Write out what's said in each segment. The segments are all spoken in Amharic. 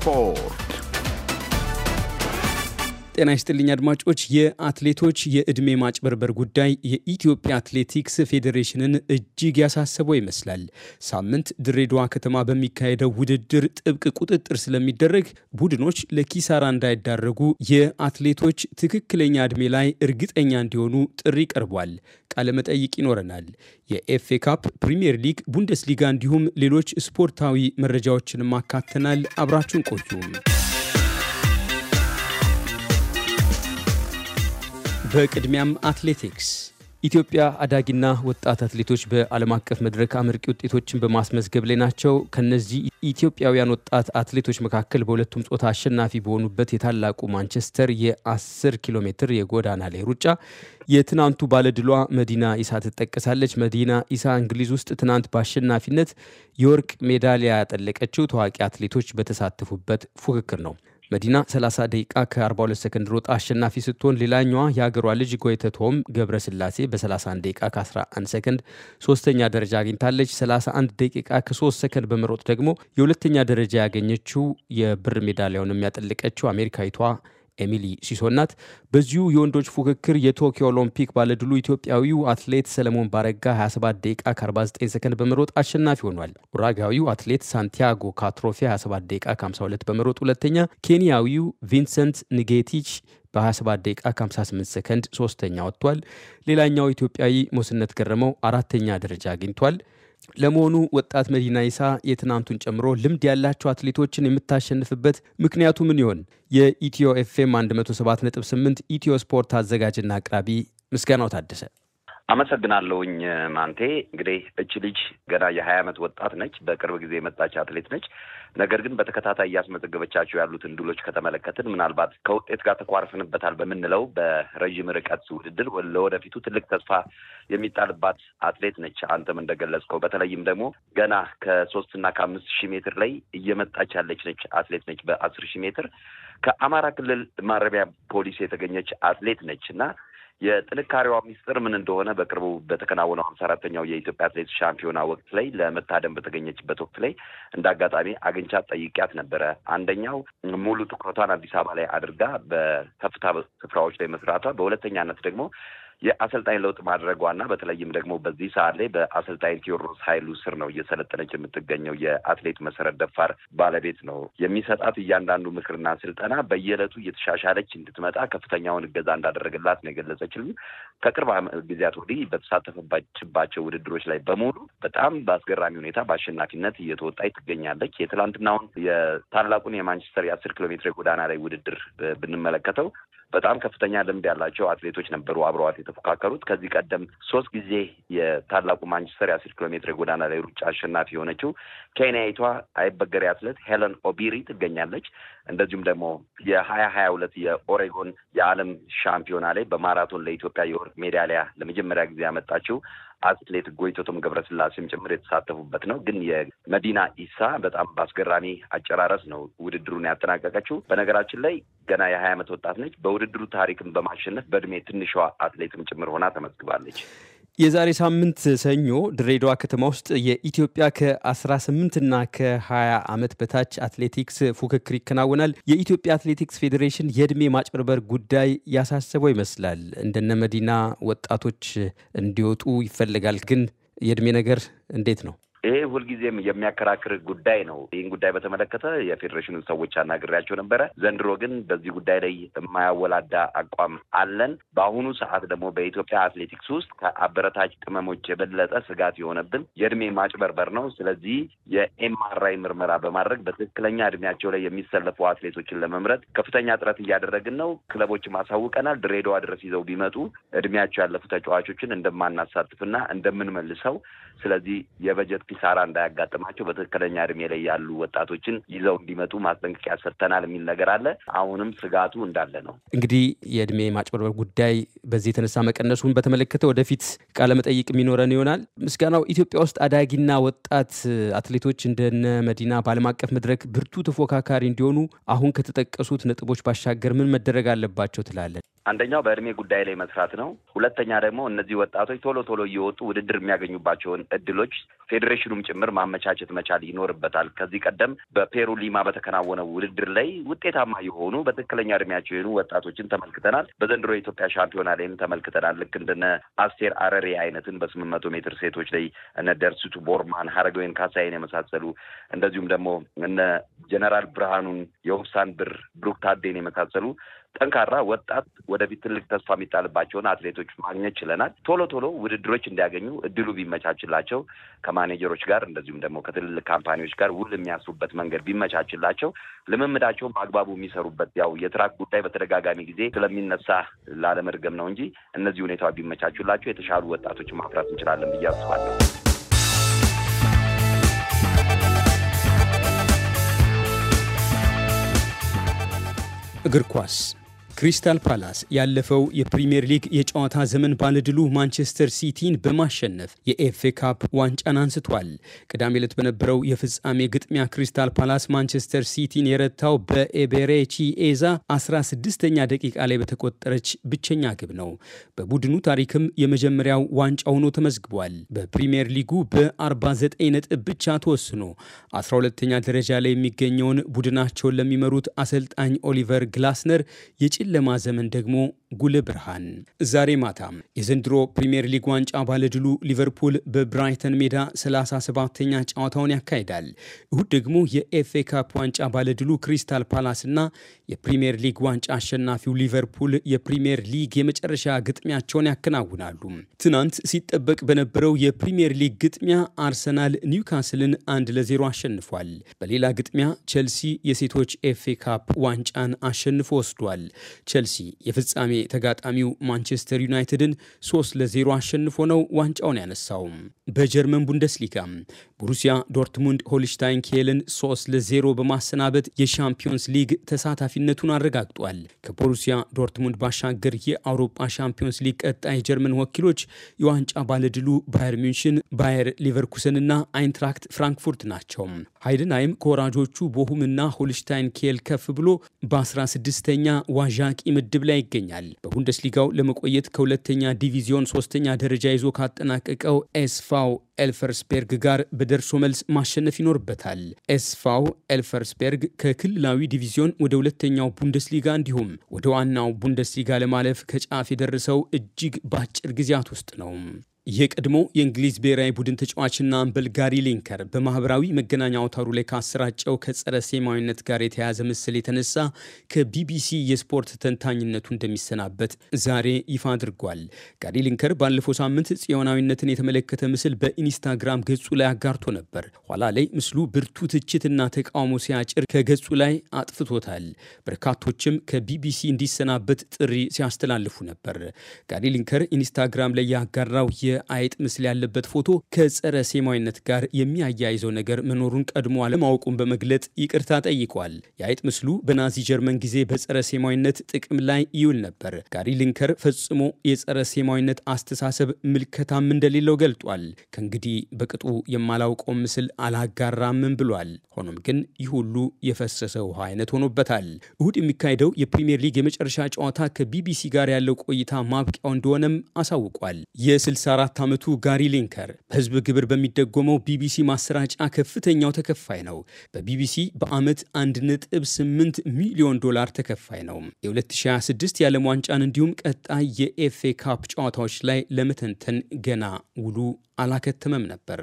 Four. ጤና ይስጥልኝ አድማጮች። የአትሌቶች የዕድሜ ማጭበርበር ጉዳይ የኢትዮጵያ አትሌቲክስ ፌዴሬሽንን እጅግ ያሳሰበው ይመስላል። ሳምንት ድሬዳዋ ከተማ በሚካሄደው ውድድር ጥብቅ ቁጥጥር ስለሚደረግ ቡድኖች ለኪሳራ እንዳይዳረጉ የአትሌቶች ትክክለኛ ዕድሜ ላይ እርግጠኛ እንዲሆኑ ጥሪ ቀርቧል። ቃለመጠይቅ ይኖረናል። የኤፍኤ ካፕ፣ ፕሪምየር ሊግ፣ ቡንደስሊጋ እንዲሁም ሌሎች ስፖርታዊ መረጃዎችንም አካተናል። አብራችሁን ቆዩም በቅድሚያም አትሌቲክስ ኢትዮጵያ አዳጊና ወጣት አትሌቶች በዓለም አቀፍ መድረክ አመርቂ ውጤቶችን በማስመዝገብ ላይ ናቸው። ከነዚህ ኢትዮጵያውያን ወጣት አትሌቶች መካከል በሁለቱም ጾታ አሸናፊ በሆኑበት የታላቁ ማንቸስተር የ10 ኪሎ ሜትር የጎዳና ላይ ሩጫ የትናንቱ ባለድሏ መዲና ኢሳ ትጠቀሳለች። መዲና ኢሳ እንግሊዝ ውስጥ ትናንት በአሸናፊነት የወርቅ ሜዳሊያ ያጠለቀችው ታዋቂ አትሌቶች በተሳተፉበት ፉክክር ነው። መዲና 30 ደቂቃ ከ42 ሰከንድ ሮጣ አሸናፊ ስትሆን ሌላኛዋ የአገሯ ልጅ ጎይተቶም ገብረ ስላሴ በ31 ደቂቃ ከ11 ሰከንድ ሶስተኛ ደረጃ አግኝታለች። 31 ደቂቃ ከ3 ሰከንድ በመሮጥ ደግሞ የሁለተኛ ደረጃ ያገኘችው የብር ሜዳሊያውን የሚያጠልቀችው አሜሪካዊቷ ኤሚሊ ሲሶናት በዚሁ የወንዶች ፉክክር የቶኪዮ ኦሎምፒክ ባለድሉ ኢትዮጵያዊው አትሌት ሰለሞን ባረጋ 27 ደቂቃ ከ49 ሰከንድ በመሮጥ አሸናፊ ሆኗል። ኡራጋዊው አትሌት ሳንቲያጎ ካትሮፊ 27 ደቂቃ ከ52 በመሮጥ ሁለተኛ፣ ኬንያዊው ቪንሰንት ንጌቲች በ27 ደቂቃ 58 ሰከንድ ሶስተኛ ወጥቷል። ሌላኛው ኢትዮጵያዊ ሞስነት ገረመው አራተኛ ደረጃ አግኝቷል። ለመሆኑ ወጣት መዲና ይሳ የትናንቱን ጨምሮ ልምድ ያላቸው አትሌቶችን የምታሸንፍበት ምክንያቱ ምን ይሆን? የኢትዮ ኤፍኤም 107.8 ኢትዮ ስፖርት አዘጋጅና አቅራቢ ምስጋናው ታደሰ አመሰግናለሁኝ ማንቴ። እንግዲህ እች ልጅ ገና የሀያ ዓመት ወጣት ነች። በቅርብ ጊዜ የመጣች አትሌት ነች። ነገር ግን በተከታታይ እያስመዘገበቻቸው ያሉትን ድሎች ከተመለከትን ምናልባት ከውጤት ጋር ተኳርፍንበታል በምንለው በረዥም ርቀት ውድድር ለወደፊቱ ትልቅ ተስፋ የሚጣልባት አትሌት ነች። አንተም እንደገለጽከው በተለይም ደግሞ ገና ከሶስትና ከአምስት ሺህ ሜትር ላይ እየመጣች ያለች ነች አትሌት ነች። በአስር ሺህ ሜትር ከአማራ ክልል ማረሚያ ፖሊስ የተገኘች አትሌት ነች እና የጥንካሬዋ ሚስጥር ምን እንደሆነ በቅርቡ በተከናወነው ሀምሳ አራተኛው የኢትዮጵያ አትሌቲክስ ሻምፒዮና ወቅት ላይ ለመታደም በተገኘችበት ወቅት ላይ እንደ አጋጣሚ አግኝቻት ጠይቂያት ነበረ። አንደኛው ሙሉ ትኩረቷን አዲስ አበባ ላይ አድርጋ በከፍታ ስፍራዎች ላይ መስራቷ፣ በሁለተኛነት ደግሞ የአሰልጣኝ ለውጥ ማድረጓና በተለይም ደግሞ በዚህ ሰዓት ላይ በአሰልጣኝ ቴዎድሮስ ኃይሉ ስር ነው እየሰለጠነች የምትገኘው የአትሌት መሰረት ደፋር ባለቤት ነው። የሚሰጣት እያንዳንዱ ምክርና ስልጠና በየዕለቱ እየተሻሻለች እንድትመጣ ከፍተኛውን እገዛ እንዳደረገላት ነው የገለጸችልን። ከቅርብ ጊዜያት ወዲህ በተሳተፈባችባቸው ውድድሮች ላይ በሙሉ በጣም በአስገራሚ ሁኔታ በአሸናፊነት እየተወጣች ትገኛለች። የትላንትናውን የታላቁን የማንቸስተር የአስር ኪሎ ሜትር የጎዳና ላይ ውድድር ብንመለከተው በጣም ከፍተኛ ልምድ ያላቸው አትሌቶች ነበሩ አብረዋት የተፎካከሩት። ከዚህ ቀደም ሶስት ጊዜ የታላቁ ማንቸስተር የአስር ኪሎ ሜትር የጎዳና ላይ ሩጫ አሸናፊ የሆነችው ኬንያዊቷ አይበገሬ አትሌት ሄለን ኦቢሪ ትገኛለች። እንደዚሁም ደግሞ የሀያ ሀያ ሁለት የኦሬጎን የዓለም ሻምፒዮና ላይ በማራቶን ለኢትዮጵያ የወርቅ ሜዳሊያ ለመጀመሪያ ጊዜ ያመጣችው አትሌት ጎይቶቶም ገብረስላሴም ጭምር የተሳተፉበት ነው። ግን የመዲና ኢሳ በጣም በአስገራሚ አጨራረስ ነው ውድድሩን ያጠናቀቀችው። በነገራችን ላይ ገና የሀያ ዓመት ወጣት ነች። በውድድሩ ታሪክን በማሸነፍ በእድሜ ትንሿ አትሌትም ጭምር ሆና ተመዝግባለች። የዛሬ ሳምንት ሰኞ ድሬዳዋ ከተማ ውስጥ የኢትዮጵያ ከ18 እና ከ20 ዓመት በታች አትሌቲክስ ፉክክር ይከናወናል። የኢትዮጵያ አትሌቲክስ ፌዴሬሽን የዕድሜ ማጭበርበር ጉዳይ ያሳሰበው ይመስላል። እንደነ መዲና ወጣቶች እንዲወጡ ይፈልጋል። ግን የዕድሜ ነገር እንዴት ነው? ይሄ ሁልጊዜም የሚያከራክር ጉዳይ ነው። ይህን ጉዳይ በተመለከተ የፌዴሬሽኑ ሰዎች አናግሬያቸው ነበረ። ዘንድሮ ግን በዚህ ጉዳይ ላይ የማያወላዳ አቋም አለን። በአሁኑ ሰዓት ደግሞ በኢትዮጵያ አትሌቲክስ ውስጥ ከአበረታች ቅመሞች የበለጠ ስጋት የሆነብን የእድሜ ማጭበርበር ነው። ስለዚህ የኤምአርአይ ምርመራ በማድረግ በትክክለኛ እድሜያቸው ላይ የሚሰለፉ አትሌቶችን ለመምረጥ ከፍተኛ ጥረት እያደረግን ነው። ክለቦች ማሳውቀናል። ድሬዳዋ ድረስ ይዘው ቢመጡ እድሜያቸው ያለፉ ተጫዋቾችን እንደማናሳትፍና እንደምንመልሰው ስለዚህ የበጀት ኪሳራ እንዳያጋጥማቸው በትክክለኛ እድሜ ላይ ያሉ ወጣቶችን ይዘው እንዲመጡ ማስጠንቀቂያ ሰጥተናል የሚል ነገር አለ። አሁንም ስጋቱ እንዳለ ነው። እንግዲህ የእድሜ ማጭበርበር ጉዳይ በዚህ የተነሳ መቀነሱን በተመለከተ ወደፊት ቃለመጠይቅ የሚኖረን ይሆናል። ምስጋናው፣ ኢትዮጵያ ውስጥ አዳጊና ወጣት አትሌቶች እንደነ መዲና በዓለም አቀፍ መድረክ ብርቱ ተፎካካሪ እንዲሆኑ አሁን ከተጠቀሱት ነጥቦች ባሻገር ምን መደረግ አለባቸው ትላለን? አንደኛው በእድሜ ጉዳይ ላይ መስራት ነው። ሁለተኛ ደግሞ እነዚህ ወጣቶች ቶሎ ቶሎ እየወጡ ውድድር የሚያገኙባቸውን እድሎች ፌዴሬሽን ኮሚሽኑም ጭምር ማመቻቸት መቻል ይኖርበታል። ከዚህ ቀደም በፔሩ ሊማ በተከናወነው ውድድር ላይ ውጤታማ የሆኑ በትክክለኛ እድሜያቸው የሆኑ ወጣቶችን ተመልክተናል። በዘንድሮ የኢትዮጵያ ሻምፒዮና ላይም ተመልክተናል። ልክ እንደነ አስቴር አረሬ አይነትን በስምንት መቶ ሜትር ሴቶች ላይ እነ ደርሲቱ ቦርማን፣ ሀረገወይን ካሳይን የመሳሰሉ እንደዚሁም ደግሞ እነ ጀነራል ብርሃኑን፣ የውብሳን ብር፣ ብሩክ ታዴን የመሳሰሉ ጠንካራ ወጣት ወደፊት ትልቅ ተስፋ የሚጣልባቸውን አትሌቶች ማግኘት ችለናል። ቶሎ ቶሎ ውድድሮች እንዲያገኙ እድሉ ቢመቻችላቸው ከማኔጀሮ ዳይሬክተሮች ጋር እንደዚሁም ደግሞ ከትልልቅ ካምፓኒዎች ጋር ውል የሚያስሩበት መንገድ ቢመቻችላቸው ልምምዳቸውን በአግባቡ የሚሰሩበት ያው የትራክ ጉዳይ በተደጋጋሚ ጊዜ ስለሚነሳ ላለመድገም ነው እንጂ እነዚህ ሁኔታ ቢመቻችላቸው የተሻሉ ወጣቶችን ማፍራት እንችላለን ብዬ አስባለሁ። እግር ኳስ ክሪስታል ፓላስ ያለፈው የፕሪምየር ሊግ የጨዋታ ዘመን ባለድሉ ማንቸስተር ሲቲን በማሸነፍ የኤፍኤ ካፕ ዋንጫን አንስቷል። ቅዳሜ ዕለት በነበረው የፍጻሜ ግጥሚያ ክሪስታል ፓላስ ማንቸስተር ሲቲን የረታው በኤቤሬቺ ኤዛ 16ኛ ደቂቃ ላይ በተቆጠረች ብቸኛ ግብ ነው። በቡድኑ ታሪክም የመጀመሪያው ዋንጫ ሆኖ ተመዝግቧል። በፕሪምየር ሊጉ በ49 ነጥብ ብቻ ተወስኖ 12ኛ ደረጃ ላይ የሚገኘውን ቡድናቸውን ለሚመሩት አሰልጣኝ ኦሊቨር ግላስነር ሽለማ ዘመን ደግሞ ጉል ብርሃን። ዛሬ ማታ የዘንድሮ ፕሪምየር ሊግ ዋንጫ ባለድሉ ሊቨርፑል በብራይተን ሜዳ 37ኛ ጨዋታውን ያካሂዳል። እሁድ ደግሞ የኤፍኤ ካፕ ዋንጫ ባለድሉ ክሪስታል ፓላስ ና የፕሪምየር ሊግ ዋንጫ አሸናፊው ሊቨርፑል የፕሪምየር ሊግ የመጨረሻ ግጥሚያቸውን ያከናውናሉ። ትናንት ሲጠበቅ በነበረው የፕሪምየር ሊግ ግጥሚያ አርሰናል ኒውካስልን አንድ ለዜሮ አሸንፏል። በሌላ ግጥሚያ ቸልሲ የሴቶች ኤፍኤ ካፕ ዋንጫን አሸንፎ ወስዷል። ቸልሲ የፍጻሜ ተጋጣሚው ማንቸስተር ዩናይትድን 3 ለ0 አሸንፎ ነው ዋንጫውን ያነሳው። በጀርመን ቡንደስሊጋ ቦሩሲያ ዶርትሙንድ ሆልሽታይን ኬልን 3 ለ0 በማሰናበት የሻምፒዮንስ ሊግ ተሳታፊነቱን አረጋግጧል። ከቦሩሲያ ዶርትሙንድ ባሻገር የአውሮፓ ሻምፒዮንስ ሊግ ቀጣይ የጀርመን ወኪሎች የዋንጫ ባለድሉ ባየር ሚንሽን፣ ባየር ሊቨርኩሰንና አይንትራክት ፍራንክፉርት ናቸው። ሃይድንሃይም ከወራጆቹ ቦሁምና ሆልሽታይን ኬል ከፍ ብሎ በ16ኛ ዋዣቂ ምድብ ላይ ይገኛል። በቡንደስሊጋው ለመቆየት ከሁለተኛ ዲቪዚዮን ሶስተኛ ደረጃ ይዞ ካጠናቀቀው ኤስፋው ኤልፈርስቤርግ ጋር በደርሶ መልስ ማሸነፍ ይኖርበታል። ኤስፋው ኤልፈርስቤርግ ከክልላዊ ዲቪዚዮን ወደ ሁለተኛው ቡንደስሊጋ እንዲሁም ወደ ዋናው ቡንደስሊጋ ለማለፍ ከጫፍ የደረሰው እጅግ በአጭር ጊዜያት ውስጥ ነው። የቀድሞ የእንግሊዝ ብሔራዊ ቡድን ተጫዋችና አምበል ጋሪ ሊንከር በማህበራዊ መገናኛ አውታሩ ላይ ካሰራጨው ከጸረ ሴማዊነት ጋር የተያያዘ ምስል የተነሳ ከቢቢሲ የስፖርት ተንታኝነቱ እንደሚሰናበት ዛሬ ይፋ አድርጓል። ጋሪ ሊንከር ባለፈው ሳምንት ጽዮናዊነትን የተመለከተ ምስል በ ኢንስታግራም ገጹ ላይ አጋርቶ ነበር። ኋላ ላይ ምስሉ ብርቱ ትችትና ተቃውሞ ሲያጭር ከገጹ ላይ አጥፍቶታል። በርካቶችም ከቢቢሲ እንዲሰናበት ጥሪ ሲያስተላልፉ ነበር። ጋሪ ሊንከር ኢንስታግራም ላይ ያጋራው የአይጥ ምስል ያለበት ፎቶ ከጸረ ሴማዊነት ጋር የሚያያይዘው ነገር መኖሩን ቀድሞ አለማወቁን በመግለጥ ይቅርታ ጠይቋል። የአይጥ ምስሉ በናዚ ጀርመን ጊዜ በጸረ ሴማዊነት ጥቅም ላይ ይውል ነበር። ጋሪ ሊንከር ፈጽሞ የጸረ ሴማዊነት አስተሳሰብ ምልከታም እንደሌለው ገልጧል። እንግዲህ በቅጡ የማላውቀው ምስል አላጋራምም ብሏል። ሆኖም ግን ይህ ሁሉ የፈሰሰ ውሃ አይነት ሆኖበታል። እሁድ የሚካሄደው የፕሪምየር ሊግ የመጨረሻ ጨዋታ ከቢቢሲ ጋር ያለው ቆይታ ማብቂያው እንደሆነም አሳውቋል። የ64 ዓመቱ ጋሪ ሊንከር በህዝብ ግብር በሚደጎመው ቢቢሲ ማሰራጫ ከፍተኛው ተከፋይ ነው። በቢቢሲ በዓመት 1.8 ሚሊዮን ዶላር ተከፋይ ነው። የ2026 የዓለም ዋንጫን እንዲሁም ቀጣይ የኤፍኤ ካፕ ጨዋታዎች ላይ ለመተንተን ገና ውሉ አላከተመም ነበር።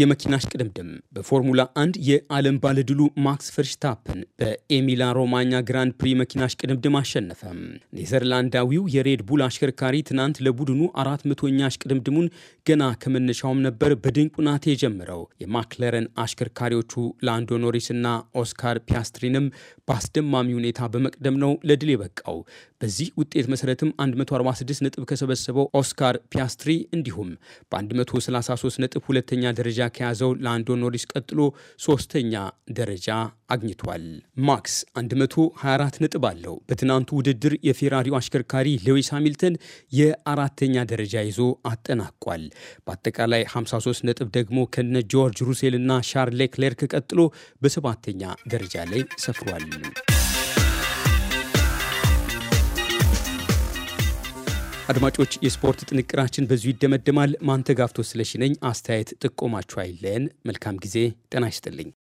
የመኪና ቅድምድም በፎርሙላ አንድ የዓለም ባለድሉ ማክስ ፈርሽታፕን በኤሚላ ሮማኛ ግራንድ ፕሪ መኪና ቅድምድም አሸነፈም። ኔዘርላንዳዊው የሬድ ቡል አሽከርካሪ ትናንት ለቡድኑ አራት መቶኛ ቅድምድሙን ገና ከመነሻውም ነበር በድንቅ ናት የጀምረው። የማክለረን አሽከርካሪዎቹ ላንዶ ኖሪስና ኦስካር ፒያስትሪንም በአስደማሚ ሁኔታ በመቅደም ነው ለድል የበቃው። በዚህ ውጤት መሰረትም 146 ነጥብ ከሰበሰበው ኦስካር ፒያስትሪ እንዲሁም በ133 ነጥብ ሁለተኛ ደረጃ ከያዘው ላንዶ ኖሪስ ቀጥሎ ሶስተኛ ደረጃ አግኝቷል። ማክስ 124 ነጥብ አለው። በትናንቱ ውድድር የፌራሪው አሽከርካሪ ሌዊስ ሃሚልተን የአራተኛ ደረጃ ይዞ አጠናቋል። በአጠቃላይ 53 ነጥብ ደግሞ ከነ ጆርጅ ሩሴል እና ሻርሌ ክሌርክ ቀጥሎ በሰባተኛ ደረጃ ላይ ሰፍሯል። አድማጮች፣ የስፖርት ጥንቅራችን በዙ ይደመደማል። ማንተጋፍቶ ስለሽነኝ አስተያየት ጥቆማችሁ አይለን። መልካም ጊዜ። ጤና ይስጥልኝ።